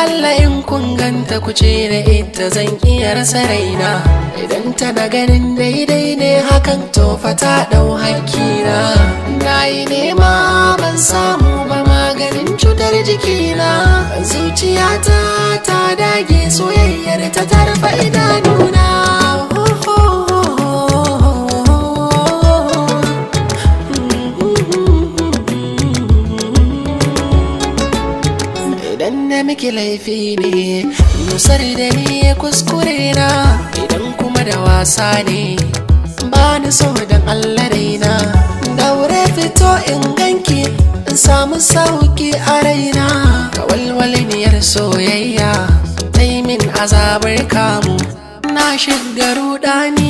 Allah in kun ganta ku ce da ita zan iya rasa raina idan da ganin daidai ne hakan to fa ta dau hakina na yi nema ban samu ba maganin cutar jikina zuciyata ta dage soyayya dan na miki laifi ne Musar da ni ya kuskure na idan kuma da wasa ne ba ni so dan allah raina daure fito in ganki in samu sauki a raina ka walwaliniyar soyayya ta min azabar kamu na shiga rudani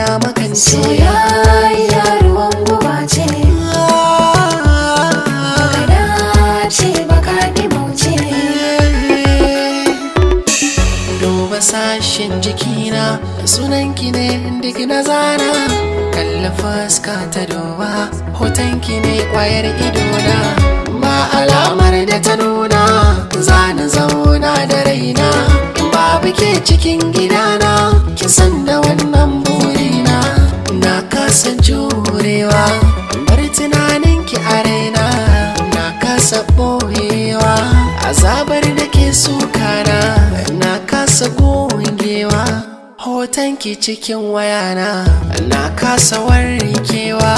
na makance ya ruwan guba ce dace baka duba sashen jikina sunanki ne duk na zana kalla fuska ta duba hotonki ne kwayar idona ba alamar da ta nuna zana zauna da raina babu ke cikin gida boyewa azabar da ke sukana na kasa gogewa hoton ki cikin wayana na kasa warrikewa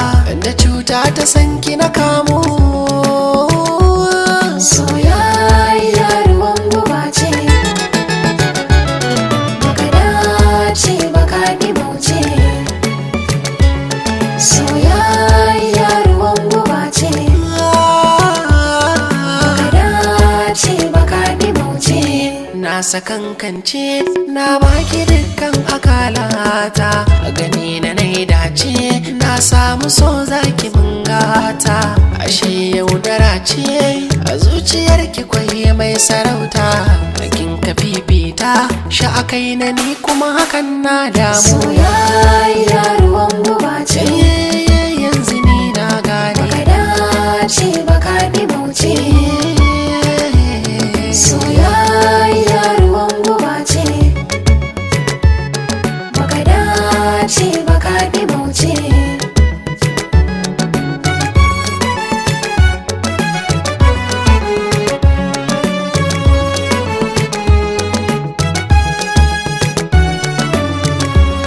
da cuta ta sanki na kawo na sakankance na baki dukkan akalata a gani na nai dace na samu so zaki mun gata ashe yaudara ce a ki kwai mai sarauta bakin ka fifita sha'akai na ni kuma hakan na damu ce baka ki bauce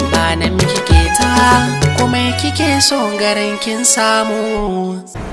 ba nan kike ta kuma kike son garin kin samu